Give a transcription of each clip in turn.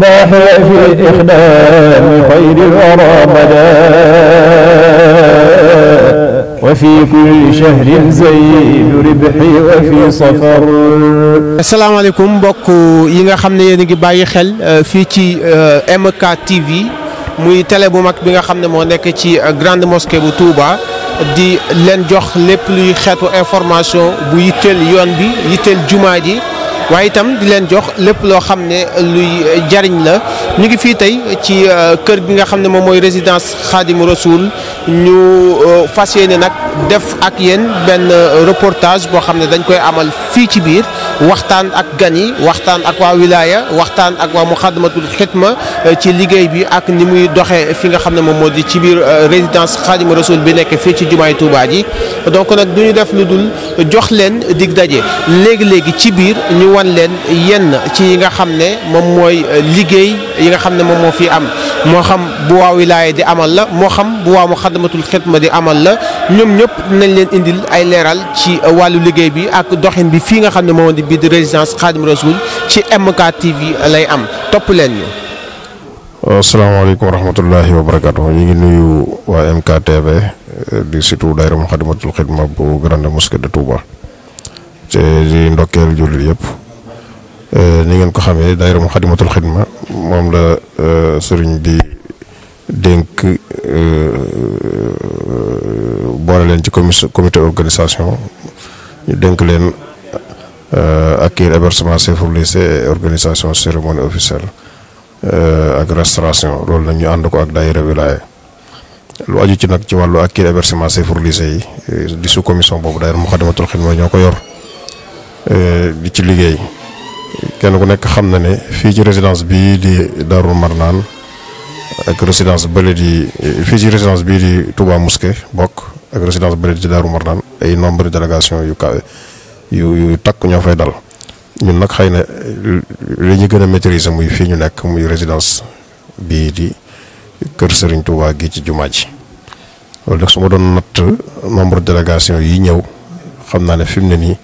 الصباح في إخدام خير الورى بدا وفي كل شهر زيد ربحي وفي سفر asalaamaaleykum mbokk yi nga xam ne yéen a ngi bàyyi xel euh, fii ci euh, MK TV muy télé bu mag bi nga xam ne moo nekk ci euh, grande mosquée bu Touba di len jox lépp luy xeetu information bu yitteel yoon bi yitteel jumaa ji waaye itam di leen jox lépp loo xam ne luy jariñ la ñu ngi fii tey ci euh, kër bi nga xam ne moom mooy résidence Xaadimu Rasuul ñu euh, fas yéene nag def ak yéen benn euh, reportage boo xam ne dañ koy amal fii ci biir waxtaan ak gan waxtaan ak waa wilaya waxtaan ak waa muxadamatul xidma euh, ci liggéey bi ak ni muy doxee fi nga xam ne moom moo di ci biir résidence xaadima rasul bi nekk fii ci jumaay ji donc nag ñu def lu dul jox leen dig daje léegi-léegi ci biir ñu wan leen yenn ci nga xam ne moom mooy liggéey yi nga xam ne moom moo fi am moo xam bu waa wilaaya di amal la moo xam bu waa Muxaddamatul Xidma di amal la ñoom ñëpp nañ leen indil ay leeral ci wàllu liggéey bi ak doxin bi fii nga xam ne moo di biir résidence Xaadim Rasul ci MK TV lay am topp leen ñu. asalaamaaleykum wa rahmatullahi ngi nuyu waa MK TV eh, di surtout daayira Muxaddamatul Xidma bu Grande Mosquée de Touba. te di ndokkeel jullit yëpp Euh, ni ngeen ko xamee daayira Muxaddamatul Xidma moom la euh, sëriñ bi dénk euh, boole leen ci comi comité organisation ñu dénk leen accueil hébergement service et organisation cérémonie officielle ak restauration loolu nag ñu ànd ko ak daayira wilaya lu aju ci nag ci wàllu accueil hébergement service yi di sous commission boobu daayira Muxaddamatul Xidma ñoo ko yor di ci liggéey. kenn ku nekk xam na ne fii ci résidence bii di Darou Marnaan ak résidence bële di fii ci résidence bii di Touba Mosquée bokk ak résidence bële di Darou Marnaan ay nombre de délégation yu kawe yu yu takk ñoo fay dal ñun nag xëy na li ñu gën a maîtriser muy fii ñu nekk muy résidence bii di kër Serigne Touba gi ci jumaa ji loolu nag su ma doon natt nombre de délégation yi ñëw xam naa ne fi mu ne nii.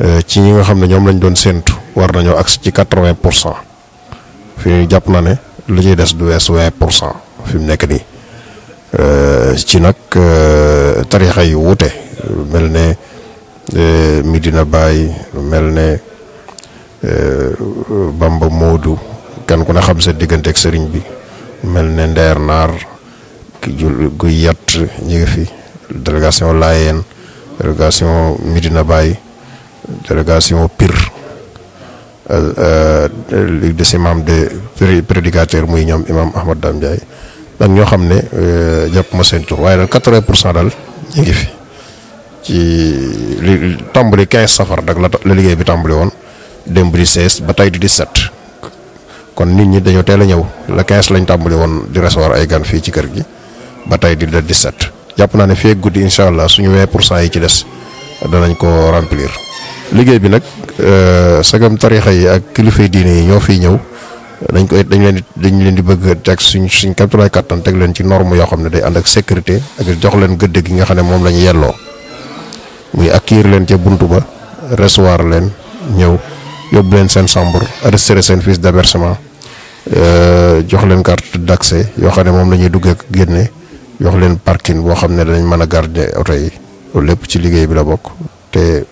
Euh, ci ñi nga xam ne ñoom lañ doon séentu war nañoo agsi ci quatre-vingt pour cent fi ñu jàpp na ne lu ñuy des du wees vingt pour cent fi mu nekk nii euh, ci nag euh, tarixa yu wuute lu mel ne Medina Baye lu mel ne Bamba Moodu kan ku ne xam sa diggante ak sëriñ bi mel ne Ndeer Naar ki jul guy yat ñi ngi fi délégation Laayeen délégation Medina Baye délégation Pire euh, euh, ligue des imams de prédicateur muy ñoom imam Ahmad Dame Ndiaye ñoo xam ne euh, jàpp ma seen waaye daal quatre-vingt pour cent daal ñu ngi fi ci li tàmbali quinze safar la la liggéey bi tàmbali woon démb di seize ba tey di dix-sept kon nit ñi dañoo teel a ñëw la quinze lañ tàmbali woon di recevoir ay gan fii ci kër gi ba tey di la dix-sept jàpp naa ne fii ak guddi incha allah suñu pour cent yi ci des danañ ko remplir. liggéey bi nag euh, sagam tarixa yi ak kilifay diine yi ñoo fiy ñëw dañ koy dañ leen di dañ leen di bëgg teg suñ suñ kaptalaay kattan teg leen ci norme yoo xam ne day ànd ak sécurité ak jox leen gëdd gi nga xam ne moom la ñu yelloo muy accueillir leen ca buntu ba recevoir leen ñëw yóbbu leen seen chambre arrêté seen fiche d'avertissement euh, jox leen carte d'accès yoo xam ne moom lañuy dugg ak génne jox leen parking boo xam ne dañ mën a garde oto yi lépp ci liggéey bi la bokk.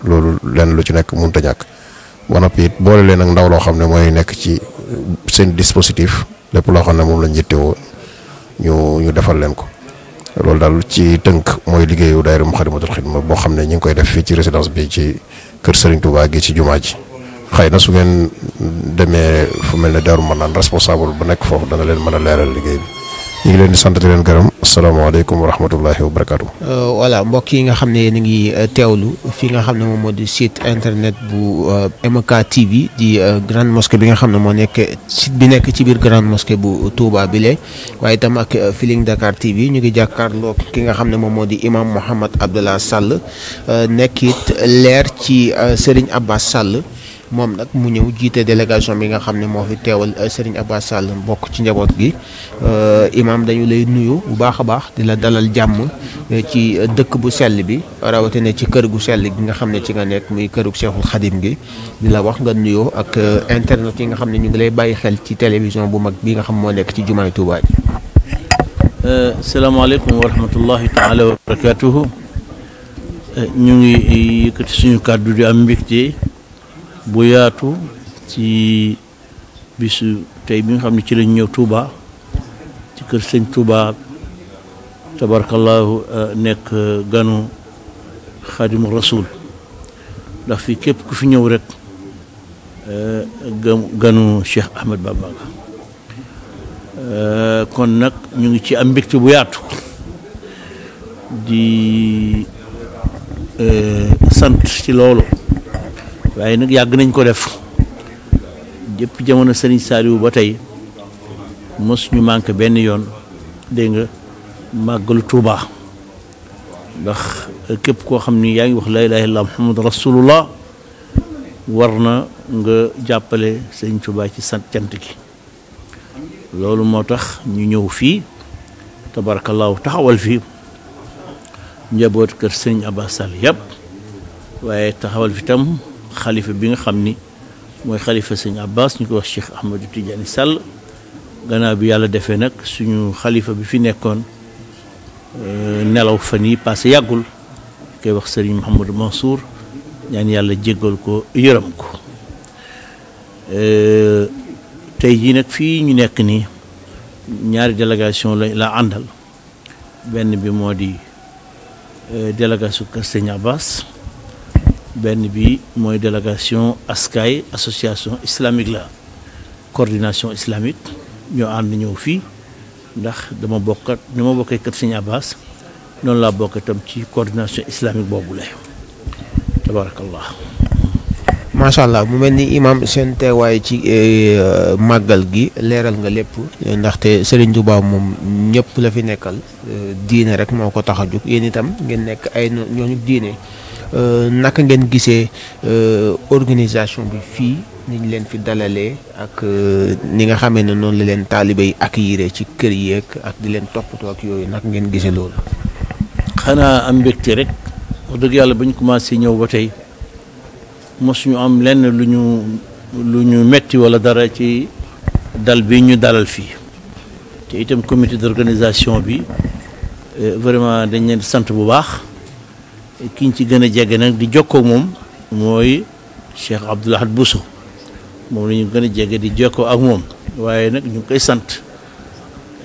loolu lenn lu ci nekk mënut a ñàkk ba noppi it boole leen ak ndaw loo xam ne mooy nekk ci euh, seen dispositif lépp loo xam ne moom lañ yittewoo ñu ñu defal leen ko loolu daal ci tënk mooy liggéeyu daayira Moukhaddamatoul Khidma boo xam ne ñu ngi koy def fii ci résidence bi ci kër Serigne Touba gi ci jumaa ji xëy na su ngeen demee fu mel ne Daaru Manaan responsable bu nekk foofu dana leen mën a leeral liggéey bi. ñu ngi leen di sant di leen gërëm asalaamaaleykum wa rahmatullahi wa barakaatu. Euh, voilà mbokk yi nga xam ne yéen ngi euh, teewlu fi nga xam ne moom moo di site internet bu euh, MK TV di grande mosquée bi nga xam ne moo nekk site bi nekk ci biir grande mosquée bu Touba bi le waaye itam ak Feeling Dakar TV ñu ngi jàkkaarloo ki nga xam ne moom moo di imam Mouhamed Abdallah Sall nekkit leer ci Serigne Abbas Sall. moom nag mu ñëw jiite délégation bi nga xam ne moo fi teewal euh, Serigne Abbas Sall bokk ci njaboot gi euh, imam dañu lay nuyu bu baax a baax di la dalal jàmm euh, ci dëkk bu sell bi rawatina ci kër gu sell gi nga xam ne ci nga nekk muy këru Cheikhul Khadim gi di la wax nga nuyoo ak internet yi nga xam ne ñu ngi lay bàyyi xel ci télévision bu mag bi nga xam moo nekk ci jumaay Touba ji. salaamaaleykum wa rahmatullahi wa barakatuhu ñu ngi yëkkati suñu kàddu di bu yaatu ci bisu tey bi nga xam ne ci lañ ñëw tuubaa ci kër sëñ Touba tabarkallahu euh, nekk euh, ganu xadimu rasul ndax fii képp ku fi ñëw rek euh, ganu Cheikh Ahmed Bamba kon nag ñu ngi ci am mbégte bu yaatu di sant ci loolu waaye nag yàgg nañ ko def jëpp jamono Serigne Saliou ba tey mos ñu mànk benn yoon dégg nga màggalu Touba ndax euh, képp koo xam ni yaa ngi wax la ilaha illallah muhammad rasulullah war na nga jàppale Serigne Touba ci sant cant gi loolu moo tax ñu ñëw fii tabarakallahu taxawal fii njaboot kër Serigne Abbas Sall yëpp waaye taxawal fi tam xalifa bi nga xam ni mooy xalifa sëñ Abbas ñu ko wax Cheikh Ahmadou Tidiane Sall gannaaw bi yàlla defee nag suñu xalifa bi fi nekkoon euh, nelaw fan yi passé yàggul koy wax sëriñ Mouhamadou Mansour ñaan yàlla jéggal ko yërëm ko euh, tey jii nag fii ñu nekk nii ñaari délégation la la àndal benn bi moo di euh, délégation Kër Sëñ Abbas benn bi mooy délégation askay association islamique la coordination islamique ñoo ànd ñëw fii ndax dama bokkat ni ma bokkee kër Sëñ Abbas noonu laa bokk ci coordination islamique boobu la tabarakallah macha allah mu mel ni imaam seen teewaay ci eh, màggal gi leeral nga lépp ndaxte du Touba moom ñëpp la fi nekkal eh, diine rek moo ko tax a jóg yéen itam ngeen nekk ay ñooñu diine Euh, naka ngeen gisee euh, organisation bi fii ni ñu leen fi dalalee ak euh, ni nga xamee ne noonu la leen taalibe yi accueillir ci kër yeeg ak di leen toppatoo ak yooyu naka ngeen gisee loolu. xanaa am mbégte rek wax dëgg yàlla ba ñu commencé ñëw ba tey mosuñu am lenn lu ñu lu ñu metti wala dara ci dal bi ñu dalal fii te itam comité d'organisation bi vraiment dañ leen sant bu baax. kiñ ci gën a jege nag di jokkoo moom mooy Cheikh Abdoul Ahad Bousso moom lañu gën a jege di jokkoo ak moom waaye nag ñu ngi koy sant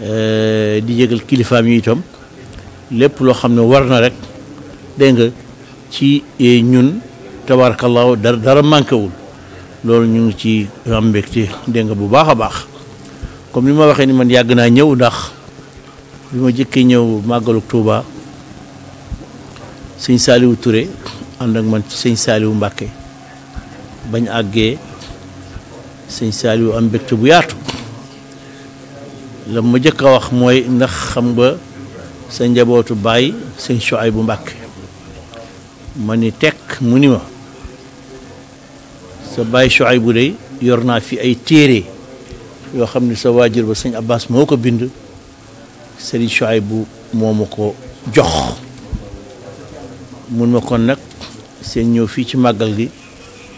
eh, di yëgal kilifaam yi itam lépp loo xam ne war na rek dégg nga ci eh, ñun tabaarakallaahu dara dara manqué wul loolu ñu ngi ci am mbégte dégg nga bu baax a baax comme li ma waxee ni man yàgg naa ñëw ndax bi ma jëkkee ñëw màggalu Touba sëñ Saliou Touré ànd ak man ci sëñ Saliou Mbacke bañ àggee sëñ Saliou am mbégte bu yaatu la ma njëkk a wax mooy ndax xam nga sa njabootu bàyyi sëñ bu Mbacke ma ni tekk mu ni ma sa bàyyi Chouaïbou dey yor naa fi ay téere yoo xam ne sa waajur ba sëñ Abbas moo ko bind sëriñ bu moo ma ko jox mun ma kon nag seen ñëw fii ci màggal gi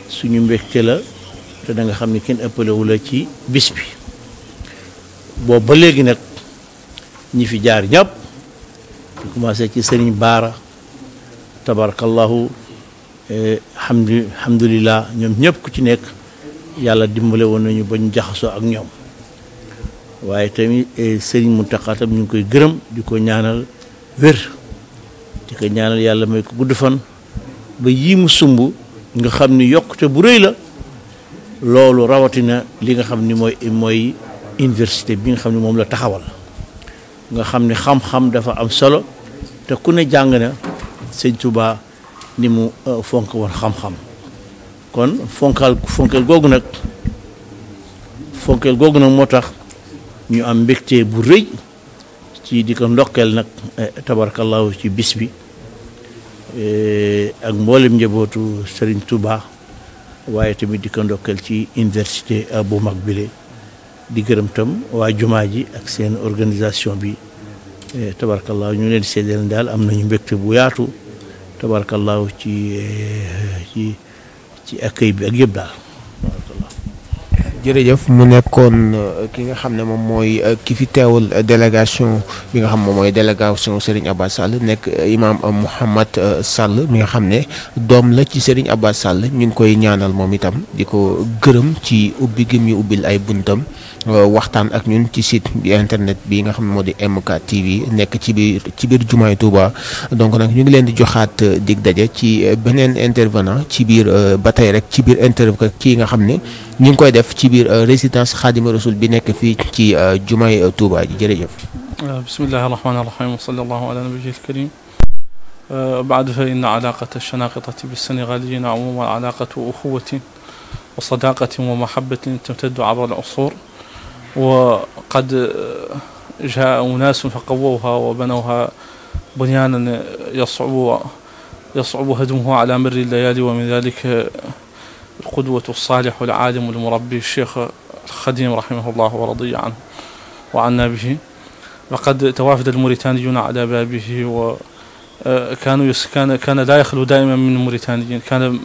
suñu mbégte la te da xam ni kenn ëppalewu la ci bis bi boobu ba léegi nag ñi fi jaar ñàpp di commencé ci sëriñ baara tabarakallahu eh, hamdu hamdulillah ñoom ñëpp ku ci nekk yàlla dimbale woon nañu ba ñu jaxasoo ak ñoom waaye tamit eh, sëriñ Muntaxa ñu ngi koy gërëm di ko ñaanal wér di ko ñaanal yàlla may ko gudd fan ba yii mu sumb nga xam ni yokkute bu rëy la loolu rawatina li nga xam ni mooy mooy bi nga xam ni moom la taxawal nga xam ni xam-xam dafa am solo te ku ne jàng na sëñ Tuubaa ni mu euh, fonk woon xam-xam kon fonkal fonkeel googu nag fonkeel googu nag moo tax ñu am mbégte bu rëy ci di ko ndokkeel nag eh, tabarakallahu ci bis bi eh, ak mboolem njabootu Serigne Touba waaye tamit di ndokkeel ci université bu mag bile di gërëm tam waa jumaa ji ak seen organisation bi eh, tabarakallahu ñu leen seedeel daal am na ñu mbégte bu yaatu tabarakallahu ci ci ci bi ak yëpp daal jërëjëf mu nekkoon euh, ki nga xam ne moom mooy euh, ki fi teewul euh, délégation bi nga xam moom mooy délégation Serigne Abass Sall nekk imaam Mouhamad sàll mi nga xam ne doom la ci Serigne Abass Sall ñu ngi koy ñaanal moom itam di ko gërëm ci ubbi gi mu ubbil ay buntam. Euh, waxtaan ak ñun ci site internet bi nga xam ne moo di MK TV nekk ci biir ci biir jumaay Touba donc nag ñu ngi leen di joxaat euh, dig daje ci euh, beneen intervenant ci biir ba tey rek ci biir interview kii nga xam ni ñu ngi koy def ci biir résidence Xaadimu Rasul bi nekk fii ci jumay Touba ji jërëjëf. bismillahi rahmaani rahiim wa sallallahu ala nabiyil karim بعد فإن علاقة الشناقطة بالسنغاليين عموما علاقة أخوة وصداقة وقد جاء أناس فقووها وبنوها بنيانا يصعب يصعب هدمه على مر الليالي ومن ذلك القدوة الصالح العالم المربي الشيخ الخديم رحمه الله ورضي عنه وعنا به وقد توافد الموريتانيون على بابه و كانوا يس كان كان لا يخلو دائما من موريتانيين كان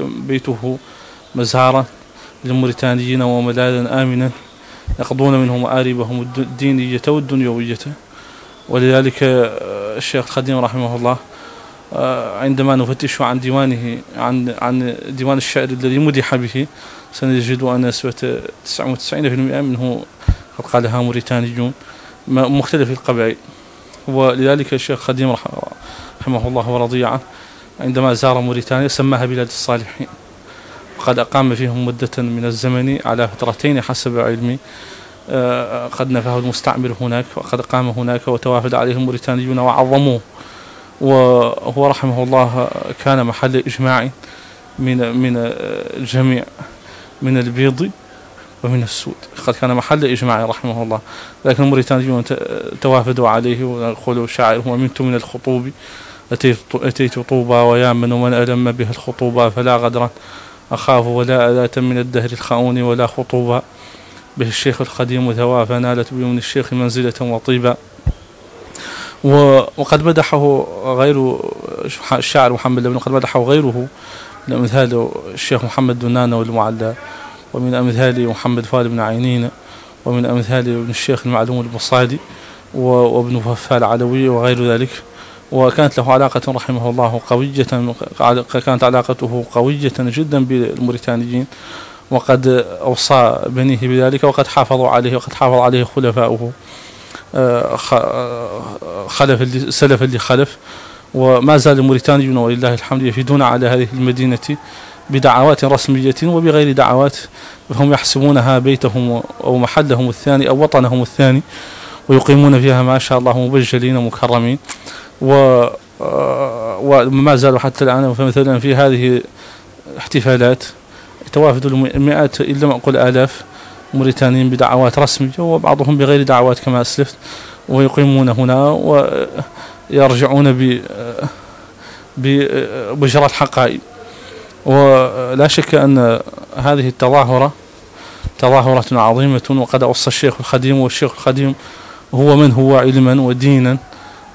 بيته مزارا للموريتانيين وملاذا آمنا يقضون منه مآربهم الدينية والدنيوية ولذلك الشيخ الخديم رحمه الله عندما نفتش عن ديوانه عن عن ديوان الشعر الذي مدح به سنجد أن نسبة 99% منه قد قالها موريتانيون مختلف القبائل ولذلك الشيخ خديم رحمه الله ورضي عنه عندما زار موريتانيا سماها بلاد الصالحين وقد أقام فيهم مدة من الزمن على فترتين حسب علمي قد نفاه المستعمر هناك وقد قام هناك وتوافد عليه الموريتانيون وعظموه وهو رحمه الله كان محل إجماع من من الجميع من البيض ومن السود قد كان محل إجماع رحمه الله لكن الموريتانيون توافدوا عليه ويقولوا شاعر ومنت من الخطوب أتيت طوبى ويا من ومن ألم به الخطوبة فلا غدرا أخاف ولا آلات من الدهر الخاؤون ولا خطوبا به الشيخ القديم ثوى فنالت بيمن الشيخ منزلة وطيبا وقد مدحه غير الشاعر محمد لبن قد مدحه غيره من أمثال الشيخ محمد دنانة والمعلى ومن أمثال محمد فال بن عينين ومن أمثال ابن الشيخ المعلوم البصادي وابن ففال علوي وغير ذلك وكانت له علاقة رحمه الله قوية كانت علاقته قوية جدا بالموريتانيين وقد أوصى بنيه بذلك وقد حافظوا عليه وقد حافظ عليه خلفاؤه خلف اللي سلف اللي خلف وما زال الموريتانيون ولله الحمد يفيدون على هذه المدينة بدعوات رسمية وبغير دعوات فهم يحسبونها بيتهم أو محلهم الثاني أو وطنهم الثاني ويقيمون فيها ما شاء الله مبجلين مكرمين و وما زالوا حتى الآن فمثلا في هذه احتفالات توافد المئات إن لم أقل آلاف موريتانيين بدعوات رسمية وبعضهم بغير دعوات كما أسلفت ويقيمون هنا ويرجعون ب ببشرى الحقائب ولا شك أن هذه التظاهرة تظاهرة عظيمة وقد أوصى الشيخ الخديم والشيخ الخديم هو من هو علما ودينا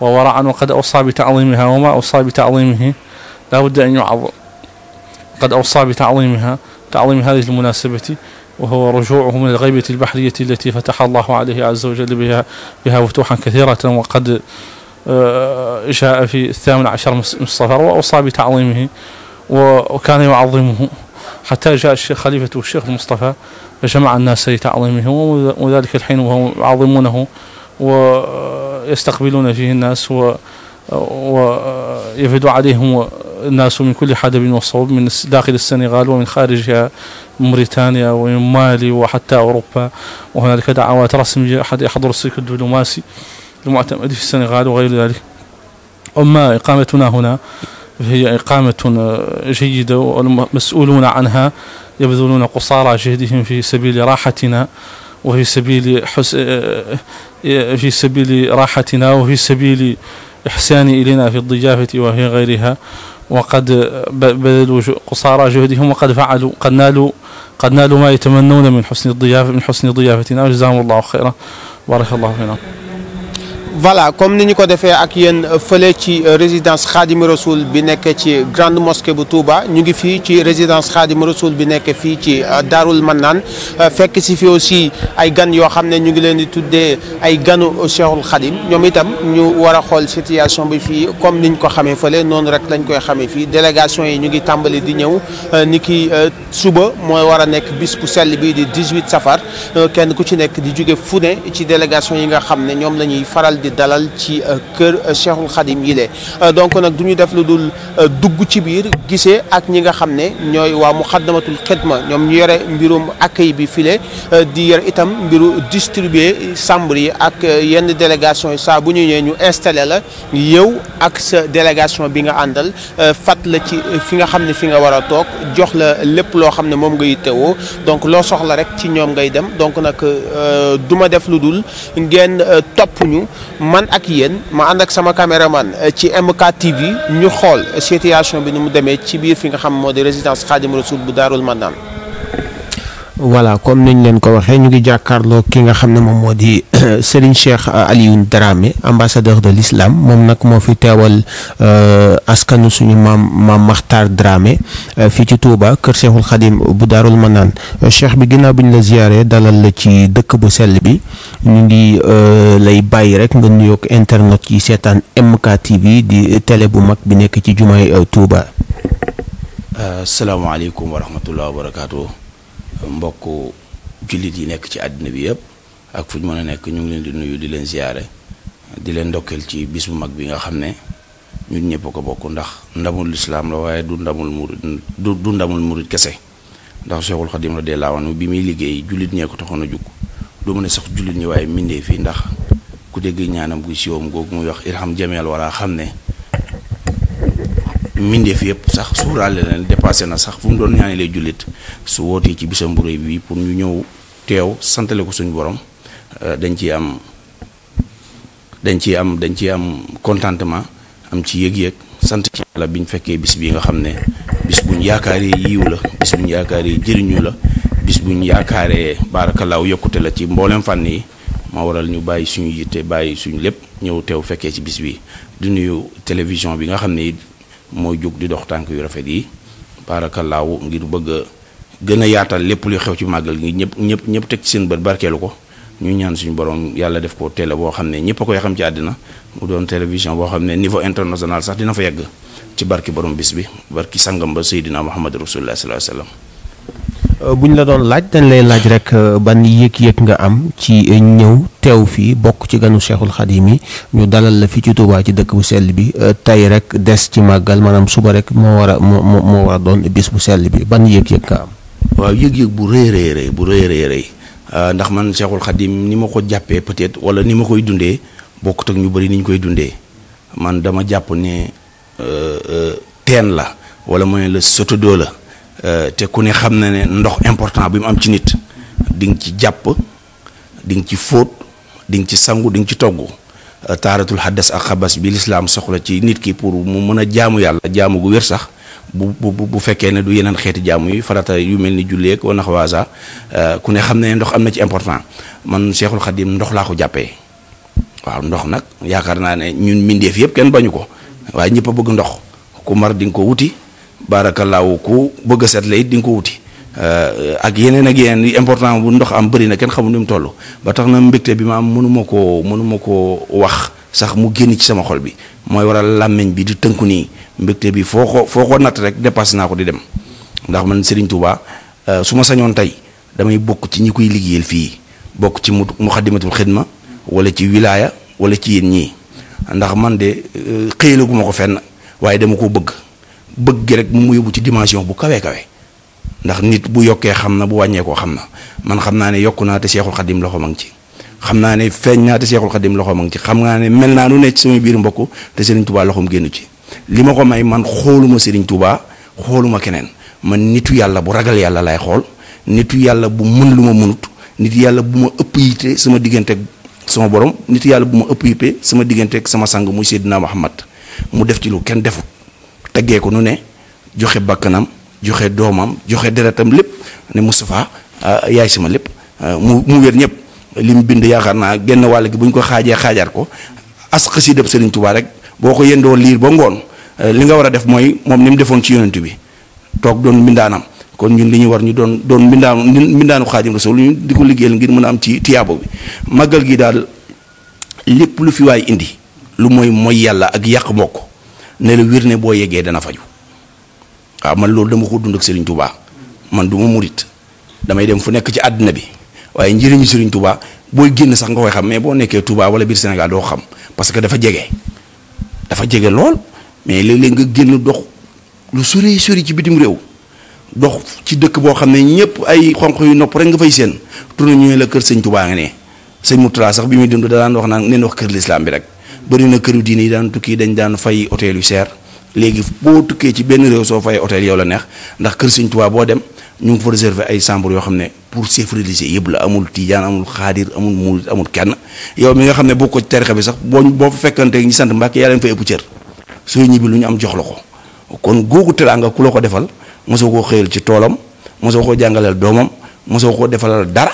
وورى عنه قد أوصى بتعظيمها وما أوصى بتعظيمه لا بد أن يعظم قد أوصى بتعظيمها تعظيم هذه المناسبة وهو رجوعه من الغيبة البحرية التي فتح الله عليه عز وجل بها, بها فتوحا كثيرة وقد جاء في الثامن عشر من الصفر وأوصى بتعظيمه وكان يعظمه حتى جاء الشيخ خليفة الشيخ المصطفى فجمع الناس لتعظيمه وذلك الحين وهم يعظمونه و يستقبلون فيه الناس و ويفد عليهم الناس من كل حدب وصوب من داخل السنغال ومن خارجها من موريتانيا ومن مالي وحتى أوروبا وهنالك دعوات رسمية حتى يحضر السلك الدبلوماسي المعتمد في السنغال وغير ذلك أما إقامتنا هنا هي إقامة جيدة والمسؤولون عنها يبذلون قصارى جهدهم في سبيل راحتنا وفي سبيل حس في سبيل راحتنا وفي سبيل إحسان إلينا في الضيافة وفي غيرها وقد بذلوا قصارى جهدهم وقد فعلوا قد نالوا قد نالوا ما يتمنون من حسن الضيافة من حسن ضيافتنا وجزاهم الله خيرا بارك الله فينا voilà comme ni ñu ko defee ak yéen fële ci euh, résidence Khadim Rasoul bi nekk ci grande mosquée bu Touba ñu ngi fii ci résidence Khadim Rasoul bi nekk fii ci euh, Darul Mannan euh, fekk si fi aussi ay gan yoo xam ne ñu ngi leen di tuddee ay ganu Cheikhul Khadim ñoom itam ñu war a xool situation bi fii comme niñ ko xamee fële noonu rek lañ koy xamee fii délégation yi ñu ngi tàmbali di ñëw ni ki suba mooy war a nekk bis bu sell bi di 18 safar kenn ku ci nekk di jóge fu ci délégation yi nga xam ne ñoom la ñuy faral di dalal ci euh, kër euh, Cheikhul Khadim yi le euh, donc nag du ñu def lu dul dugg ci biir gisee ak ñi nga xam ne ñooy waa Muxaddamatul Xidma ñoom ñu yore mbirum accueil bi file di yore itam mbiru distribuer chambre yi ak yenn délégation yi saa bu ñu ñëwee ñu installé la yow ak sa délégation bi nga àndal fat la ci fi nga xam ne fi nga war a toog jox la lépp loo xam ne moom ngay yittewoo donc loo soxla rek ci ñoom ngay dem donc nag duma def lu dul ngeen topp ñu man ak yéen ma ànd ak sama man euh, ci MK TV ñu xool situation bi ni mu demee ci biir fi nga xam moo di résidence Khadim Rasoul bu Daarul Manaan voilà comme niñ leen ko waxee ñu ngi jàkkaarloo ki nga xam ne moom moo di euh, Serigne Cheikh euh, Alioune Dramé ambassadeur de l'islam moom nag moo fi teewal euh, askanu suñu maam maam Makhtar Dramé fii ci tuuba kër Cheikhul Khadim bu Daarul Manaan Cheikh bi ginnaaw bi ñu la ziyaare dalal la ci dëkk bu sell bi ñu ngi lay bàyyi rek nga nuyoog internet yi seetaan MK TV di télé bu mag bi nekk ci jumaay Touba. asalaamaaleykum wa rahmatulah wa mbokku jullit yi nekk ci àddina bi yëpp ak fu ñu mën a nekk ñu ngi leen di nuyu di leen ziyaare di leen ndokkeel ci bis bu mag bi nga xam ne ñun ñëpp ko bokk ndax ndamul lislaam la waaye du ndamul murid du ndamul murid kese ndax Cheikhul Khadim radiyallahu anhu bi muy liggéey jullit ñee ko toxoon a jukk du mën a sax jullit ñi waaye mindee fii ndax ku dégg ñaanam gu siwam googu muy wax irham jameel wala xam ne mindee fi yëpp sax suuraale leen dépassé na sax fu mu doon ñaanalee jullit su wootee ci bisam bu réy bi pour ñu ñëw teew santale ko suñu borom euh, dañ ci am dañ ci am dañ ci am contentement am ci yëg-yëg sant ci yàlla bi ñu fekkee bis bi nga xam ne bis buñ yaakaaree yiiw la bis buñ yaakaaree jëriñu la bis buñ yaakaaree laaw yokkute la ci mboolem fànn yi ma waral ñu bàyyi suñu yitte bàyyi suñu lépp ñëw teew fekkee ci bis bi di nuyu télévision bi nga xam ne mooy jóg di dox tànk yu rafet yi baarakallaaw ngir bëgg gën a yaatal lépp luy xew ci màggal gi ñëpp ñëpp ñëpp teg ci seen bët barkeelu ko ñu ñaan suñu borom yàlla def ko télé boo xam ne ñëpp a koy xam ci àddina mu doon télévision boo xam ne niveau international sax dina fa yegg ci barki borom bis bi barki sangam ba Seydina Muhammad rasulullah sallallahu alayhi wasallam euh, bu ñu la doon laaj dañ lay laaj rek euh, ban yëg-yëg nga am ci euh, ñëw teew fii bokk ci ganu Cheikhul Khadim yi ñu dalal la fii ci Touba ci dëkk bu sell bi tey rek des ci màggal maanaam suba rek moo war a moo moo war a doon bu sell bi ban yëg-yëg am. waaw yëg-yëg bu rëy rëy rëy bu rëy rëy rëy ah, ndax man Cheikhul Khadim ni ma ko jàppee peut-être wala ni ma koy dundee bokkut ak ñu bëri ni ñu koy dundee man dama jàpp ne euh, euh, teen la wala mooy la soto doo la te ku ne xam na ne ndox important bi mu am ci nit di ci jàpp di ci fóot di ci sangu di nga ci togg taaratul xaddas ak xabas bi lislaam soxla ci nit ki pour mu mën a jaamu yàlla jaamu gu wér sax bu bu bu fekkee ne du yeneen xeeti jaamu yi farata yu mel ni julleek wala nax waasa euh, ku ne xam ne ndox am na ci important man Seexul Xadim ndox laa ko jàppee waaw ndox nag yaakaar naa ne ñun mbindeef yëpp kenn bañu ko waaye ñëpp a bëgg ndox ku mar di nga ko wuti baarakallaahu ku bëgg a seet la it di nga ko wuti euh, ak yeneen ak yeneen yi important bu ndox am bëri na kenn xamul ni mu toll ba tax na mbégte bi ma am mënu ma koo mënu koo wax. sax mu génn ci sama xol bi mooy waral làmmiñ bi di tënku nii mbégte bi foo ko foo ko natt rek dépassé naa ko di dem ndax man Serigne Touba euh, su ma sañoon tey damay bokk ci ñi koy liggéeyal fii bokk ci mu muxaddamatul xidma wala ci wilaaya wala ci yéen ñii ndax man de euh, xëyalagu ma ko fenn waaye dama ko bëgg bëgg gi rek mu yóbbu ci dimension bu kawee kawe ndax nit bu yokkee xam na bu wàññeekoo xam na man xam naa ne yokk naa te Seexul Xadim loxo ma ci xam naa ne feeñ naa te Seexul Xadim loxoom a ngi ci xam naa ne mel naa nu ne ci sama biir mbokk te Serigne Touba loxoom génnu ci li ma ko may man xooluma Serigne Touba xooluma keneen man nitu yàlla bu ragal yàlla lay xool nitu yàlla bu mën lu ma mënut nit yàlla bu ma ëpp yite sama digganteeg sama borom nit yàlla bu ma ëpp yite sama digganteeg sama sang muy Seydina Muhammad mu def ci lu kenn defut teggee ko nu ne joxe bakkanam joxe doomam joxe deretam lépp ne Moustapha ah, yaay sama lépp ah, mu ñëpp. li mu bind yaakaar naa genn wàll gi bu ñu ko xaajee xaajaat ko as xasida Sëriñ Tuubaa rek boo ko yendoo liir ba ngoon euh, li nga war a def mooy moom ni mu defoon ci yonent bi toog doon mbindaanam kon ñun li ñu war ñu doon doon mbindaanu mbindaanu Xaadimu Rasuul ñu di ko liggéeyal ngir mën a am ci tiyaabo bi màggal gi daal lépp lu fi waaye indi lu mooy mooy yàlla ak yàq mbokk ne la wér ne boo yeggee dana faju waaw man loolu dama ko dund ak Sëriñ Tuubaa man du ma murit damay dem fu nekk ci àddina bi waaye njëriñu Serigne Touba booy génn sax nga koy xam mais boo nekkee tubaa wala biir Sénégal doo xam parce que dafa jege dafa jege lool mais léeg-léeg nga génn dox lu sori sori ci bitim réew dox ci dëkk boo xam ne ñëpp ay xonq yu nopp rek nga fay seen tourné ñu ne kër sëñ Touba nga ne sëñ Moutala sax bi muy dund da wax naan kër lislaam bi rek bëri na këru diine yi daan tukki dañ daan fay hôtel yu seer léegi boo tukkee ci benn réew soo fay hôtel yow la neex ndax kër sëñ tubaa boo dem ñu ngi fa réserver ay chambre yoo xam ne pour chef religieux yëpp la amul tijaan amul xaadir amul murit amul kenn yow mi nga xam ne boo ko tarixa bi sax boo boo fa fekkante ñi sant Mbàkke yaa leen fa ëpp cër sooy ñibbi lu ñu am jox la ko kon googu teraanga ku la ko defal mosoo koo xëyal ci toolam mosoo koo jàngaleel doomam mosoo koo defalal dara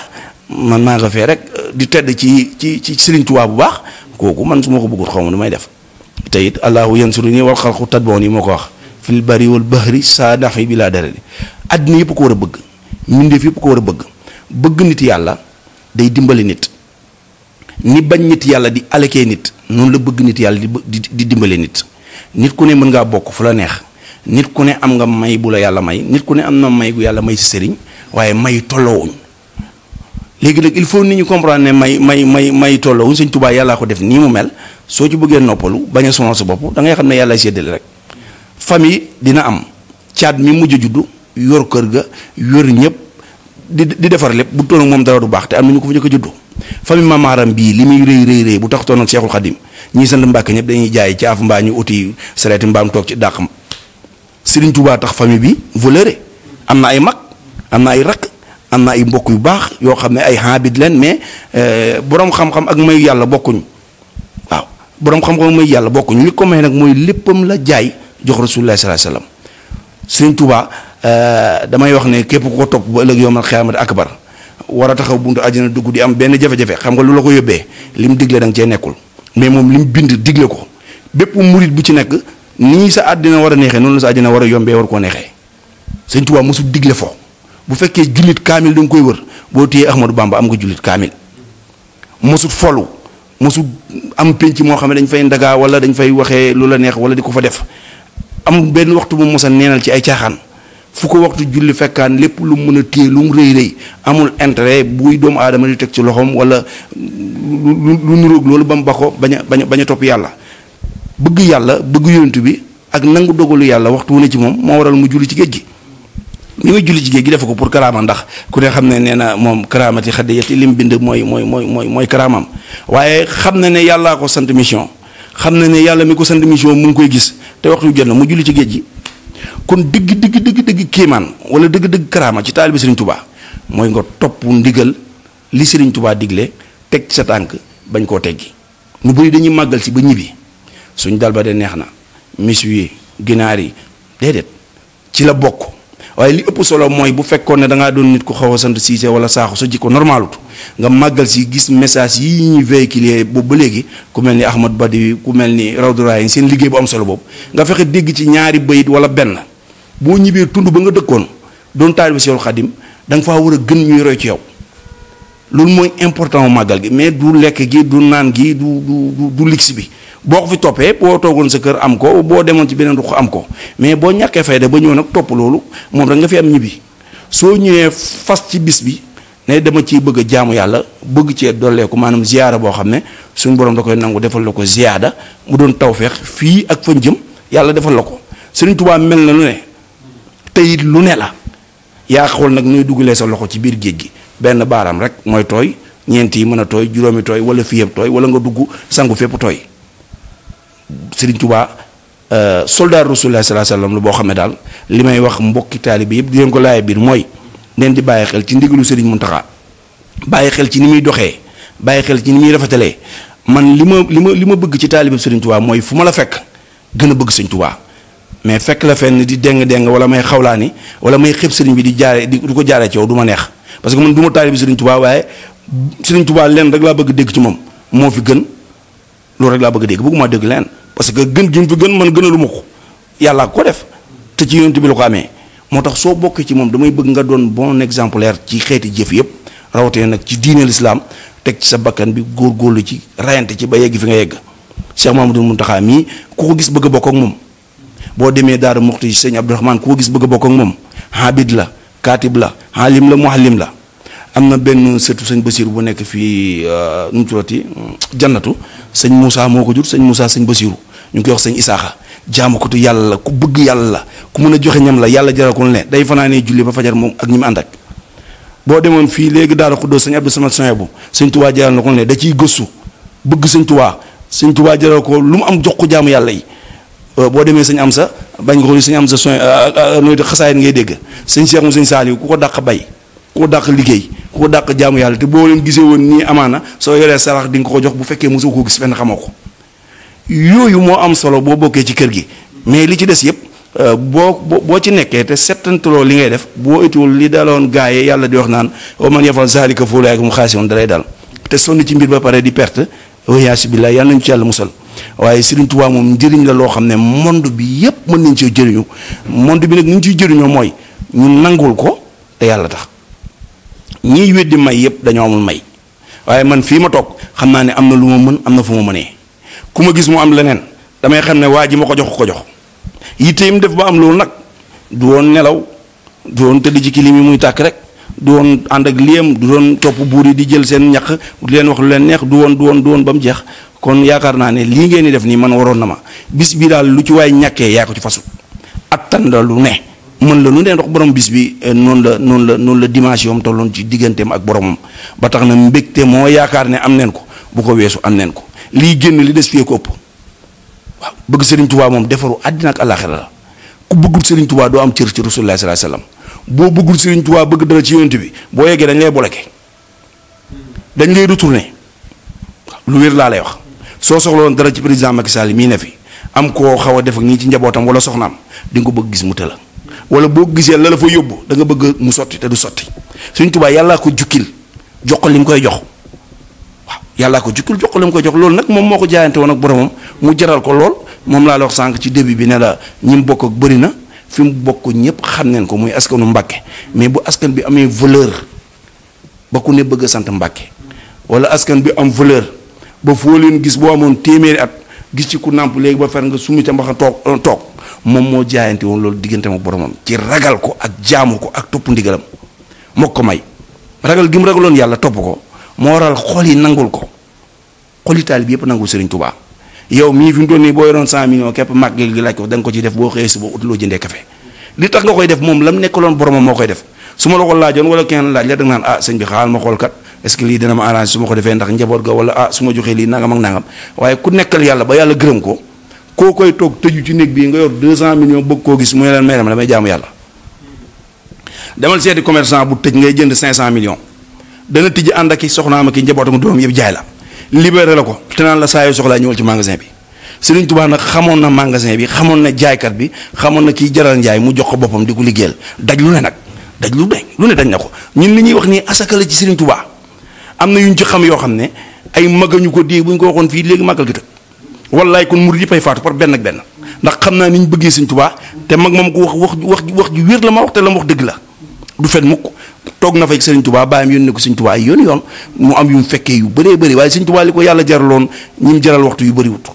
man maa nga fee rek eh, di tedd ci ci ci Sëriñ Tuubaa bu baax kooku man su ma ko bëggul xaw ma nu may def te it allahu yansuruni wal xalqu tatbuni moo ko wax fil bari wal bahri saa nafi bi laa dara di àddina yëpp ko war a bëgg mbindeef yëpp ko war a bëgg bëgg nit yàlla day dimbale nit ni bañ nit yàlla di alekee nit noonu la bëgg nit yàlla di di dimbali nit nit ku ne mën ngaa bokk fu la neex nit ku ne am nga may bu la yàlla may nit ku ne am na may gu yàlla may si sëriñ waaye may tolloowuñ léegi nag il faut nit ñu comprendre ne may may may may tolloowuñ Sëñ Tuubaa yàllaa ko def nii mu mel soo ci bëggee noppalu bañ a sonal sa bopp da xam ne yàlla séddale rek fami dina am caat mi mujj juddu yor kër ga yor ñëpp di di defar lépp bu toon ak moom dara du baax te am na ñu ko fa njëkk a juddu famille mamaaram bii li muy rëy rëy rëy bu tax toon ak Seexul Xadim ñii sant Mbàkke ñëpp dañuy jaay ci af mbaa ñu uti sareeti mbaam toog ci dàqam Sëriñ tax famille bi volere am na ay mag am na ay rakk am na ay mbokk yu baax yoo xam ne ay habit leen mais euh, borom xam ak mayu yàlla bokkuñu waaw borom xam-xam yàlla bokkuñu li ko may nag mooy léppam la jaay jox Rasulullah sallallahu alayhi wasallam Sëriñ Tuubaa Euh, damay wax ne képp ku ko topp ba ëllëg yowmal xiyaamati akbar war a taxaw buntu àjjana dugg di am benn jafe-jafe xam nga lu la ko yóbbee lim digle da nga cee nekkul mais moom lim bind digle ko bépp murit bu ci nekk nii sa àddina war a neexee noonu la sa àddina war a yombee war koo neexee sëñ Tuubaa mosul digle fo bu fekkee jullit kaamil da nga koy wër boo téyee Ahmadou Bamba am nga jullit kaamil mosul folu mosul am pénc moo xam ne dañ fay ndagaa wala dañ fay waxee lu la neex wala di ko fa def am benn waxtu bu mos neenal ci ay caaxaan. fu ko waxtu julli fekkaan lépp lu mu mën a téye lu mu rëy amul intérêt buy doomu aadama di teg ci loxoom wala lu lu niroog loolu ba mu bako bañ a bañ bañ a topp yàlla bëgg yàlla bëgg yonent bi ak nangu dogalu yàlla waxtu wu ne ci moom moo waral mu julli ci géej gi li muy julli ci géej gi def ko pour karaama ndax ku ne xam ne nee na moom karaamati xadiyati li mu bind mooy mooy mooy mooy mooy karaamam waaye xam na ne yàllaa ko sant mission xam na ne yàlla mi ko sant mission mu ngi koy gis te waxtu jot na mu julli ci géej gi kon dëgg dëgg dëgg dëgg kéemaan wala dëgg dëgg karaama ci taalibi Serigne tubaa mooy nga topp ndigal li Serigne Touba digle teg ci sa tànk bañ koo teggi nu bëri dañuy màggal si ba ñibbi suñ dal ba de neex na mis yi ginaar yi déedéet ci la bokk waaye li ëpp solo mooy bu fekkoon ne da ngaa doon nit ku xaw a sant siise wala saaxu sa jikko normalut nga màggal si gis message yi ñuy véhiculer boobu ba léegi ku mel ni Ahmad Badawi ku mel ni Rawdu Rayaahin seen liggéey bu am solo boobu nga fexe dégg ci ñaari bayit wala benn boo ñibbee tund ba nga dëkkoon doon taalibe Seexul Xadim da nga faa war a gën ñuy roy ci yow loolu mooy important màggal gi mais du lekk gi du naan gi du du du lix bi boo ko fi toppee boo toogoon sa kër am ko boo demoon ci beneen ruq am ko mais boo ñàkkee fayda ba ñëw nag topp moom rek nga fi am ñibbi soo ñëwee fas ci bis bi ne dama ciy bëgg a jaamu yàlla bëgg cee dolleeku maanaam ziyaara boo xam ne suñu borom da koy nangu defal la ko ziyaada mu doon tawfeex fii ak fa jëm yàlla defal la ko Sëriñ Tuubaa mel na lu ne tey lu ne la yaa xool nag ñuy dugalee sa loxo ci biir géej gi benn baaraam rek mooy tooy ñeent yi mën a tooy juróomi tooy wala fii tooy wala nga dugg sangu fépp tooy Sëriñ Tuubaa euh, soldat Rasulullah sallallahu la wasallam la boo xam ne daal li may wax mbokki taalibe yëpp di leen ko laay biir mooy. neen di bàyyi xel ci sëriñ Serigne Mountakha bàyyi xel ci ni muy doxee bàyyi xel ci ni muy rafetalee man li ma li ma li ma bëgg ci taalibe Serigne Touba mooy fu ma la fekk gën a bëgg Serigne Touba mais fekk la fenn di déng-déng wala may xawlaani wala may xëb Serigne bi di jaare di du ko jaaree ci du ma neex parce que man du ma taalibe Serigne Touba waaye Serigne Touba leen rek laa bëgg dégg ci moom moo fi gën loolu rek laa bëgg dégg bëgguma dégg leen parce que gën gi mu fi gën man gën a lu ma ko yàlla ko def te ci yonent bi la ko amee. moo tax soo bokkee ci moom damay bëgg nga doon bon exemplaire ci xeeti jëf yëpp rawatee nag ci diine lislaam teg ci sa bakkan bi góor góorgóorlu ci rayante ci ba yegg fi nga yegg Cheikh Mamadou Mountakha mii ku ko gis bëgg a bokk moom boo demee Daara Muxti sëñ Abdourahmane ku ko gis bëgg a bokk ak moom habid la kaatib la alim la muallim la am na benn sëtu sëñ Basiru bu nekk fii euh, nu mu tuddati jannatu sëñ Moussa moo ko jur sëñ Moussa sëñ Basiru ñu ngi koy wax sëñ Isaaxa jaamukutu yàlla la ku bëgg yàlla la ku mën a joxe ñam la yàlla jaral ko ne day fanaanee julli ba fajar moom ak ñi mu ànd ak boo demoon fii léegi daara xuddoo sëñ Abdou Samad Sonia bu sëñ Tuubaa jaral na ko ne da ciy gëstu bëgg sëñ Tuubaa sëñ Tuubaa jaral ko lu mu am jox ko jaamu yàlla yi euh, boo demee sëñ am sa bañ nga ko ni sëñ am sa soñ euh, noytu xasaayit ngay dégg sëñ Cheikh mu sëñ Saaliw ku ko dàq bay ku ko dàq liggéey ku ko dàq jaamu yàlla te boo leen gisee woon nii amaana soo yoree sarax di ko jox bu fekkee mosoo koo gis fenn xamoo ko yooyu moo am solo boo bokkee ci kër gi mais li ci des yëpp euh, boo boo ci nekkee te settantuloo li ngay def boo ituwul li daloon gaaye yàlla di wax naan wa man yafal zaalika fa ulaa'ika humul xaasiruun dalay dal te sonn ci mbir ba pare di perte wayaasu billaah yàlla nañu ci yàlla musal waaye Serigne Touba moom njëriñ la loo xam ne monde bi yëpp mën nañ ci jëriñu monde bi nag ni ñu ciy jëriñoo mooy ñu nangul ko te yàlla tax ñiy di may yëpp dañoo amul may waaye man fii ma toog xam naa ne am na lu ma mën am na fu ma mënee ku ma gis mu am leneen damay xam ne waa ji ma ko jox ko jox yitteem def ba am loolu nag du woon nelaw du woon tëdd ci kilim yi muy tàkk rek du woon ànd ak liem du doon topp buur yi di jël seen ñaq du leen wax lu leen neex du woon du woon du woon ba mu jeex kon yaakaar naa ne lii ngeen di def nii man waroon na ma bis bi daal lu ci waaye ñàkkee yaa ko ci fasu attan la lu ne mën la lu ne ndox borom bis bi eh, noonu la noonu la noonu la dimension tolloon ci digganteem ak boromam ba tax na mbégte moo yaakaar ne am neen ko bu ko weesu am neen ko lii génn li des fii ko ëpp waaw bëgg Serigne Touba moom defaru àddina ak àllaaxira la ku bëggul Serigne Touba doo am cër ci Rasulullah sallallahu alayhi wasallam boo bëggul Serigne Touba bëgg dara ci yonent bi boo yeggee dañ lay bloqué dañ lay retourné lu wér laa lay wax soo soxla woon dara ci président Macky Sall mii ne fi am koo xaw a def ak ñii ci njabootam wala soxnaam di nga ko bëgg gis mu tëla wala boo gisee la la fa yóbbu danga bëgg mu sotti te du sotti Serigne Touba yàllaa ko jukkil jox ko li mu koy jox. yàllaa ko jukkul jox ko jox loolu nag moom moo ko jaayante woon ak boromam mu jaral ko lool moom laa la wax sànq ci début bi ne la ñi mu bokk ak bëri na fi mu bokk ñëpp xam neen ko muy askanu Mbàkke mais bu askan bi amee valeur ba ku bëgg sant Mbàkke wala askan bi am valeur ba foo leen gis boo amoon téeméeri at gis ci ku nàmp léegi ba fer nga sumi ca mbaxa toog euh, toog moom moo jaayante woon loolu diggante ma boromam ci ragal ko ak jaamu ko ak topp ndigalam mook ko may ragal gi mu ragaloon yàlla topp ko moo waral xol yi nangul ko xoli taalib yëpp nangu Serigne Touba yow mii fi mu toll nii boo yoroon cent millions képp mag gi laaj ko da nga ko ci def boo xëyee suba ut loo jëndee li tax nga koy def moom lam nekkaloon boromam moo koy def su ma la ko laajoon wala kenn laaj la da nga naan ah sëñ bi xaal ma xool kat est-ce que lii dina ma arrangé su ma ko ga wala ah su ma joxee lii nangam ak nangam waaye ku nekkal ba yàlla gërëm ko koo koy toog tëju ci néeg nga yor 200 koo gis mu ne leen meeram damay bu tëj ngay jënd 500 millions dana tijji ànd ak i soxnaam ak i njabootam doom yëpp jaay libéré la ko te naan la saa yoo soxlaa ñëwal ci magasin bi Serigne Touba nag xamoon na magasin bi xamoon na jaaykat bi xamoon na kiy jaral njaay mu jox ko boppam di ko liggéeyal daj lu ne nag daj lu dañ lu ne dañ na ko ñun li ñuy wax nii asaka la ci Serigne Touba am na yuñ ci xam yoo xam ne ay magañu ko dee buñ ko waxoon fii léegi màggal gi tëj wallaay kon murid yëpp ay faatu par benn ak benn ndax xam naa ni ñu bëggee Serigne Touba te mag moom ko wax wax wax wax ju wér la ma te la wax dëgg la du fen mukk toog na fa ak Serigne Touba bàyyam yónni ko Serigne Touba ay yoon yoon mu am yu mu fekkee yu bëree bëri waaye Serigne Touba li ko yàlla jaraloon ñi jaral waxtu yu bëriwut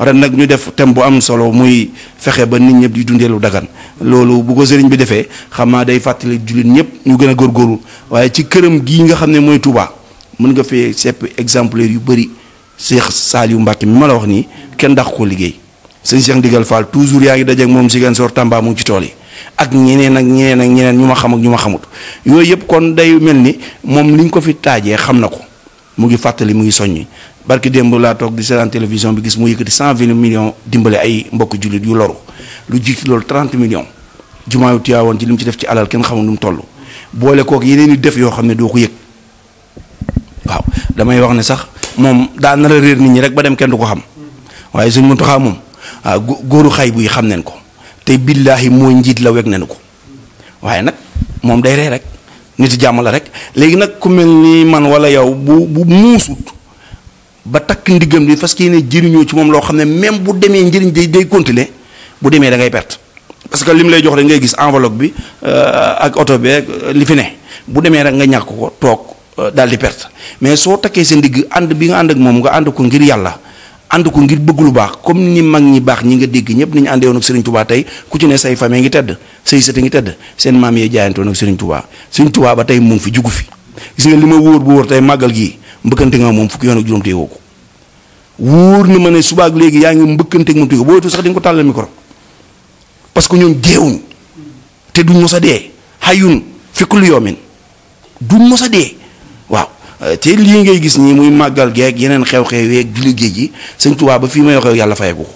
ren nag ñu def thème bu am solo muy fexe ba nit ñëpp di dundee lu dagan loolu bu ko sëriñ bi defee xamaa day fàttali jullit ñëpp ñu gën a góorgóorlu waaye ci këram gii nga xam ne mooy Touba mën nga fee sepp exemplaire yu bëri Cheikh yu Mbacke mi ma la wax nii kenn dàq ko liggéey sëñ Cheikh Ndigal Fall yaa ngi dajeeg moom si gan soor Tamba mu ci tool yi ak ñeneen ak ñeneen ak ñu ma xam ak ñu ma xamut yooyu yëpp kon day mel ni moom liñ ko fi taajee xam na ko mu ngi fàttali mu ngi soññi barki démb laa toog di seetaan télévision bi gis mu yëkkati cent vingt millions dimbale ay mbokk jullit yu loru lu jiitu loolu trente millions jumaa yu Tiwaawan ci li mu ci def ci alal kenn xamul nu mu toll boole kook yeneen i def yoo xam ne doo ko yëg waaw damay wax ne sax moom daa nar réer nit ñi rek ba dem kenn du ko xam waaye suñ muntaxaa moom ah góoru xay buy xam nañ ko tey billaahi mooy njiit la weg nañu ko waaye nag moom day rey rek nit jàmm la rek léegi nag ku mel ni man wala yow bu bu muusut ba takk ndiggam li parce que yéen jëriñoo ci moom loo xam ne même bu demee njëriñ day day bu demee da ngay perte parce que li mu lay jox rek ngay gis enveloppe bi euh, ak oto bi euh, li fi ne bu demee rek nga ñàkk ko toog euh, daal di perte mais soo takkee sa ndigg ànd bi nga ànd ak moom nga ànd ko ngir yàlla. ànd ko ngir bëgg lu baax comme ni mag ñi baax ñi nga dégg ñëpp ni ñu àndee woon ak Serigne Touba tey ku ci ne say famille ngi tedd say sët ngi tedd seen maam yee jaayantoon ak Serigne Touba Serigne Touba ba tey mu ngi fi jugu fi gis nga li ma wóor bu wóor tey màggal gii mbëkkante nga moom fukki yoon ak juróom téyewoo ko wóor na ma ne subaak léegi yaa ngi mbëkkante ak moom téyewoo booyatu sax di nga ko tàllal micro parce que ñoom deewuñ te du mos a dee xayun fi kulli yoomin a dee Euh, te lii ngay gis nii muy màggal geeg yeneen xew-xew yeeg julli géej gi sëñ Tuubaa ba fii may waxee yàlla fayeku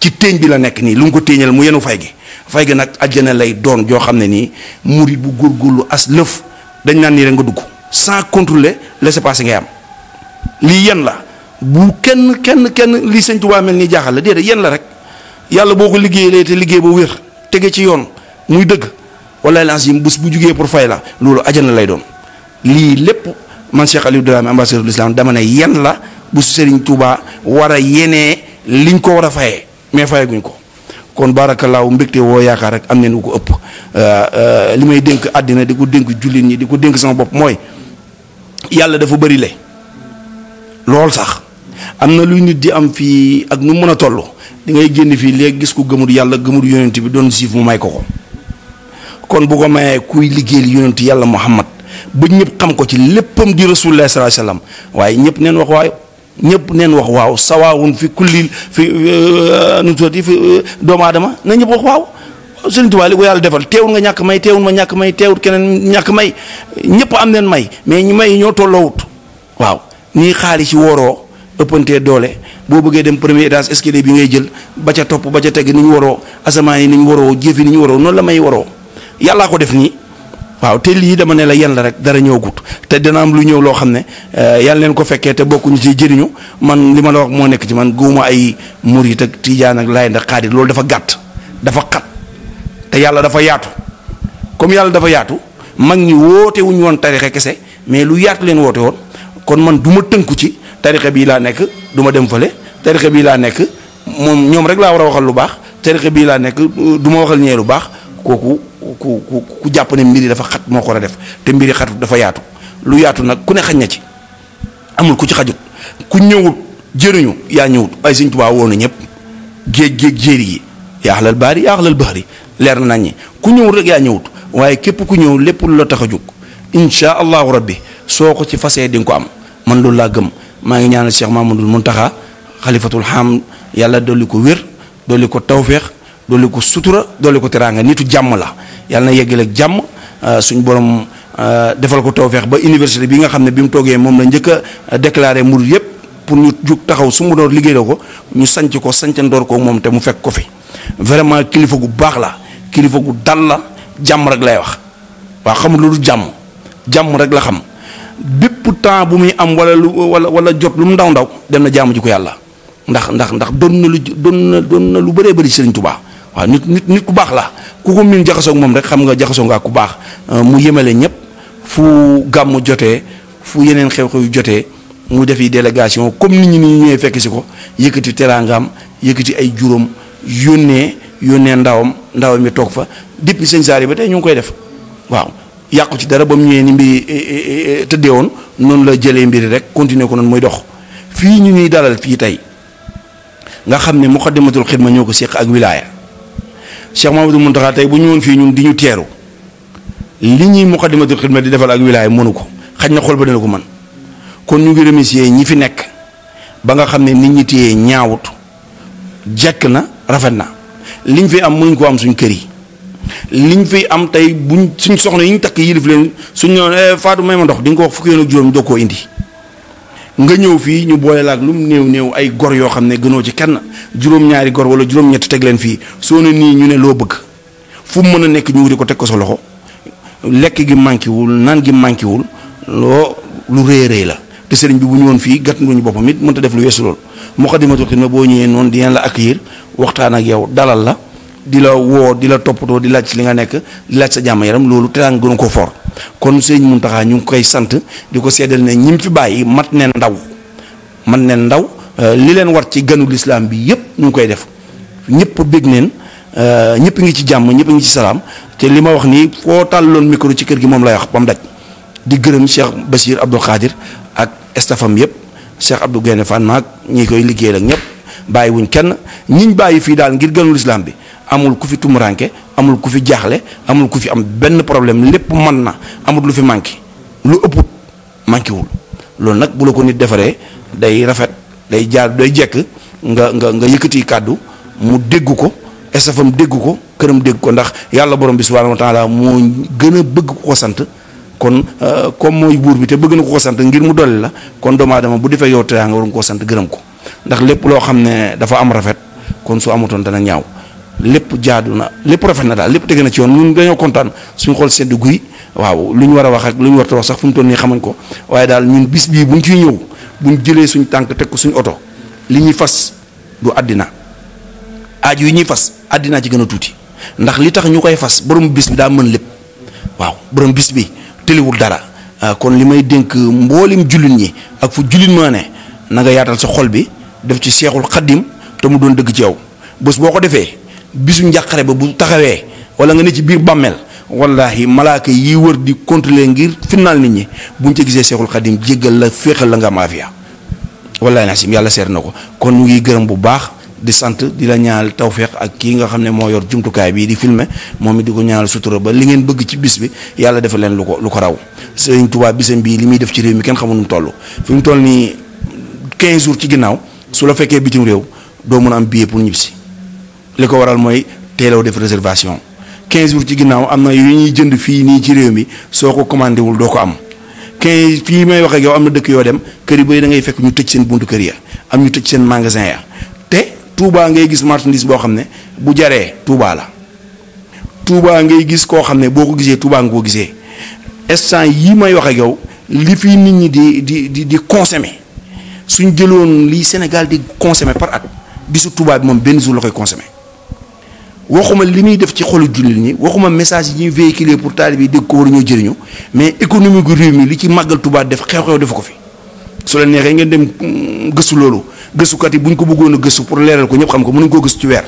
ci téeñ bi la nekk nii lu mu ko téeñal mu yenu fay gi fay gi nag àjjana lay doon joo xam ne nii murit bu góorgóorlu as lëf dañ naan nii rek nga dugg sans contrôler laissez-passer ngay am lii yen la kenn kenn kenn li sëñ Tuubaa mel nii jaaxal la déedéet yen la rek yàlla boo ko liggéeyee te liggéey ba wér tege ci yoon muy dëgg wala lance yi bés bu jugee pour fay la loolu àjjana lay doon lii lépp. man Cheikh Aliou Dramé ambassadeur de la bu Serigne Touba war a yenee liñ ko war a fayee mais fayaguñ ko kon baarakallaahu mbégte woo yaakaar rek am neen wu ko ëpp euh, euh, li may dénk àddina di ko dénk jullit ñi di ko dénk sama bopp mooy yàlla dafa bëri le lool sax am na luy nit di am fii ak nu mën a toll di ngay génn fii léegi gis ko gëmul yàlla gëmul yonent bi doon siif mu may ko ko kon bu ko mayee kuy liggéeyal yonent yàlla Muhammad ba ñëpp xam ko ci léppam di rasulullah sallallahu alayhi wasallam waaye ñëpp neen wax waaye ñëpp neen wax waaw sawaawun fi kullil fi euh, nu tuuti fi euh, doomu aadama na ñëpp wax waaw Sëriñ Tuubaa li ko yàlla defal teewul nga ñàkk may teewul ma ñàkk may teewul keneen ñàkk may ñëpp am neen may mais ñi may ñoo tolloowut waaw nii xaalis ci woroo ëppantee doole boo bëggee dem premier étage escalier bi ngay jël ba ca topp ba ca teg ni ñu waroo asamaan yi ni ñu waroo jëf yi ñu waroo noonu la may waroo yàllaa ko def nii waaw te lii dama ne la yenn la rek dara ñëw ñëwagut te dina am lu ñëw loo xam ne eh, yàlla leen ko fekkee te bokkuñu ci jëriñu man li ma la wax moo nekk ci man guuma ay murit ak tiijaan ak laay ndax xaadir loolu dafa gàtt dafa xat te yàlla dafa yaatu comme yàlla dafa yaatu mag ñi woote wuñu woon tarixe kese mais lu yaatu leen woote woon kon man du ma tënku ci tarixe bii laa nekk du ma dem fële tarixe bii laa nekk moom ñoom rek laa war a waxal lu baax tarixe bii laa nekk du ma waxal ñee lu baax kooku ku ku ku jàpp ne mbir yi dafa xat moo ko war a def te mbir yi xatu dafa yaatu lu yaatu nag ku ne xaj na ci amul ku ci xajut ku ñëwut jëriñu yaa ñëwut ay Sëñ Tuubaa woonu ñëpp géej géej jéeri yi yaa xalal baari yaa xalal baxri leer na nañ ñi ku ñëwut rek yaa ñëwut waaye képp ku ñëw lépp lu la tax a jóg incha allahu rabbi soo ko ci fasee di nga ko am man loolu laa gëm maa ngi ñaanal Cheikh Mamadou Mountakha xalifatul xam yàlla dolli ko wér dolli ko doole ko sutura doole ko teraanga nitu jàmm la yàlla na yegg yeggaleeg jàmm euh, suñ borom euh, defal ko tawfeex ba université bi nga xam ne bi mu toogee moom la njëkk a euh, déclaré mur yëpp pour ñu jug taxaw su mu door liggéey ko ñu sanc ko sanc ndoor moom te mu fekk ko fi vraiment kilifa gu baax la kilifa gu dal la jàmm rek lay wax waaw xamul loolu jàmm jàmm rek la xam bépp temps bu muy am wala lu wala wala jot lu mu ndaw ndaw dem na jaamu ji ko yàlla ndax ndax ndax doon na lu doon na doon na lu bëree bëri Serigne Touba. waaw nit nit nit ku baax la ku ko miin jaxasoo moom rek xam nga jaxasoo ngaa ku baax euh, mu yemale ñëpp fu gàmm jotee fu yeneen xew-xew jotee mu defi délégation comme nit ñi ni ñëwee fekk si ko yëkkati teraangaam yëkkati ay juróom yónnee yónnee ndawam ndawam mi toog fa depuis sëñ Saar yi ba tey ñu ngi koy def waaw yàqu ci dara ba mu ñëwee ni mbiri eh, eh, eh, tëddee woon noonu la jëlee mbir rek continuer ko noonu muy dox fii ñu ñuy dalal fii tey nga xam ne muqaddimatul xidma ñoo ko séq ak wilaaya Cheikh Mamadou Mountakha tey bu ñu woon fii ñun di ñu teeru li ñuy muqaddimatul xidma di defal ak wilaay mënu ko xaj na xol ba dina ko mën kon ñu ngi remercier ñi fi nekk ba nga xam ne nit ñi téye ñaawut jekk na rafet na liñ fi am mënuñ ko am suñ kër yi liñ fi am tey buñ suñ soxna yi ñu takk yilif leen suñ ñëwoon eh, Fatou may ma ndox di nga ko wax fukki yoon ak juróom indi nga ñëw fii ñu boole laak lu mu néew néew ay gor yoo xam ne gënoo ci kenn juróom-ñaari gor wala juróom-ñett teg leen fii soo ne nii ñu ne loo bëgg fu mu mën a nekk ñu wuti ko teg ko sa loxo lekk gi manqué wul naan gi manqué wul loo lu rëy rëy la te sëriñ bi bu ñu woon fii gàtt nga ñu boppam it mënta def lu weesu loolu Moukhaddamatoul Khidma boo ñëwee noonu dinañ la accueillir waxtaan ak yow dalal la. di la woo di la toppatoo di laaj li nga nekk di laaj sa jàmm yaram loolu teraanga gënu ko fort kon sëñ taxaa ñu ngi koy sant di ko seddal ne ñi mu fi bàyyi mat neen ndaw mat neen ndaw euh, li leen war ci ganu lislaam bi yëpp ñu ngi koy def ñëpp bég neen euh, ñëpp ngi ci jàmm ñëpp ngi ci salaam te li ma wax nii foo tàlloon micro ci kër gi moom lay wax ba mu di gërëm Cheikh Bachir Abdou ak stafam yëpp Cheikh Abdou Guène Fane ñu ñi koy liggéey ak ñëpp bàyyi wuñ kenn ñiñ bàyyi fii daal ngir gënul islam bi amul ku fi tumuranke amul ku fi jaaxle amul ku fi am benn problème lépp mën na amul lu fi manqué lu ëpp manqué wul loolu nag bu la ko nit defaree day rafet day jaar day jekk nga nga nga yëkkati kàddu mu dégg ko estafam dégg ko këram dégg ko ndax yàlla borom bi subhaanahu wa taala moo gën a bëgg ko sant kon euh, comme mooy buur bi te bëgg na ko ko sant ngir mu dolli la kon doomu aadama bu defee yow teraanga war nga koo sant gërëm ko ndax lépp loo xam ne dafa am rafet kon su amutoon dana ñaaw lépp jaadu na lépp rafet na daal lépp tege na ci yoon ñun dañoo kontaan suñ xool sedd guy waaw lu ñu war a wax ak lu ñu war a wax sax fu mu toll nii ko waaye daal ñun bis bii buñ ciy ñëw buñ jëlee suñ tànk teg ko oto li ñuy fas du àddina aaju yi ñuy fas àddina ci gën a tuuti ndax li tax ñu koy fas borom bis bi daa mën lépp waaw borom bis bi tëliwul dara ah, kon li may dénk mboolim jullit ñi ak fu jullit maa ne nanga nga yaatal sa xol bi def ci seexul xaddim te mu doon dëgg ci yow bés boo ko defee bisu njàqare ba bu taxawee wala nga ne ci biir bàmmeel wallahi malaaka yi wër di contrôler ngir final nit ñi buñ ci gisee seexul xadim jéggal la féexal la nga maafiya wallahi naasim yàlla seer na ko kon ñu ngi gërëm bu baax di sant di la ñaanal tawféex ak kii nga xam ne moo yor jumtukaay bii di filmer moom it di ko ñaanal sutura ba li ngeen bëgg ci bis bi yàlla defal leen lu ko lu ko raw sëriñ Tuubaa bisam bii li muy def ci réew mi kenn xamul nu mu toll fi mu toll nii 15 jours ci ginnaaw su la fekkee bitim réew doo mën a am billet pour li ko waral mooy teelaw def réservation quinze jours ci ginnaaw am na yu ñuy jënd fii nii ci réew mi soo ko commandé wul doo ko am 15 fii may wax ak yow am na dëkk yoo dem kër yi bëri da ngay fekk ñu tëj seen buntu kër ya am ñu tëj seen magasin ya te Touba ngay gis marchandise boo xam ne bu jaree Touba la Touba ngay gis koo xam ne boo ko gisee Touba nga ko gisee instant yii may wax ak yow li fii nit ñi di di di di consommer suñ jëloon li Sénégal di consommer par at bisu Touba bi moom benn jour la koy waxuma li muy def ci xolu jullit ñi waxuma message yi ñuy véhiculer pour taalib yi dégg ko war ñoo jëriñu mais économie gu réew mi li ci màggal Tuubaa def xew-xew defu ko fi su la neexee ngeen dem mm, gëstu loolu gëstukat yi bu ñu ko bëggoon a gëstu pour leeral ko ñëpp xam ko mënuñ koo gëstu ci weer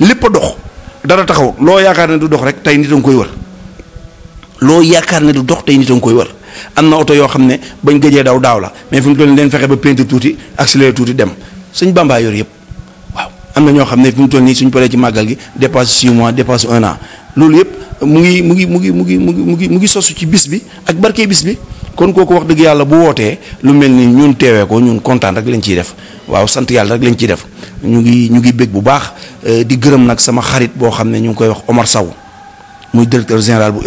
lépp a dox dara taxaw loo yaakaar ne du dox rek tey nit a koy wër loo yaakaar ne du dox tey nit a koy wër am na oto yoo xam ne bañ gëjee daw daaw la mais fu mu toll leen fexe ba peinture tuuti accéléré tuuti dem suñ bambaa yor yëpp. am na ñoo xam ne fi mu toll nii suñ paree ci màggal gi dépasse six mois dépasse un an loolu yëpp mu ngi mu ngi mu ngi mu ngi mu ngi mu ngi mu ngi sosu ci bis bi ak barke bis bi kon kooku wax dëgg yàlla bu wootee lu mel ni ñun teewee ko ñun kontaan rek lañ ciy def waaw sant yàlla rek lañ ciy def ñu ngi ñu ngi bég bu baax euh, di gërëm nag sama xarit boo xam ne ñu ngi koy wax Omar Sow muy directeur général bu.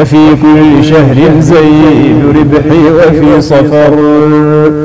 وفي كل شهر زيد ربحي وفي صفر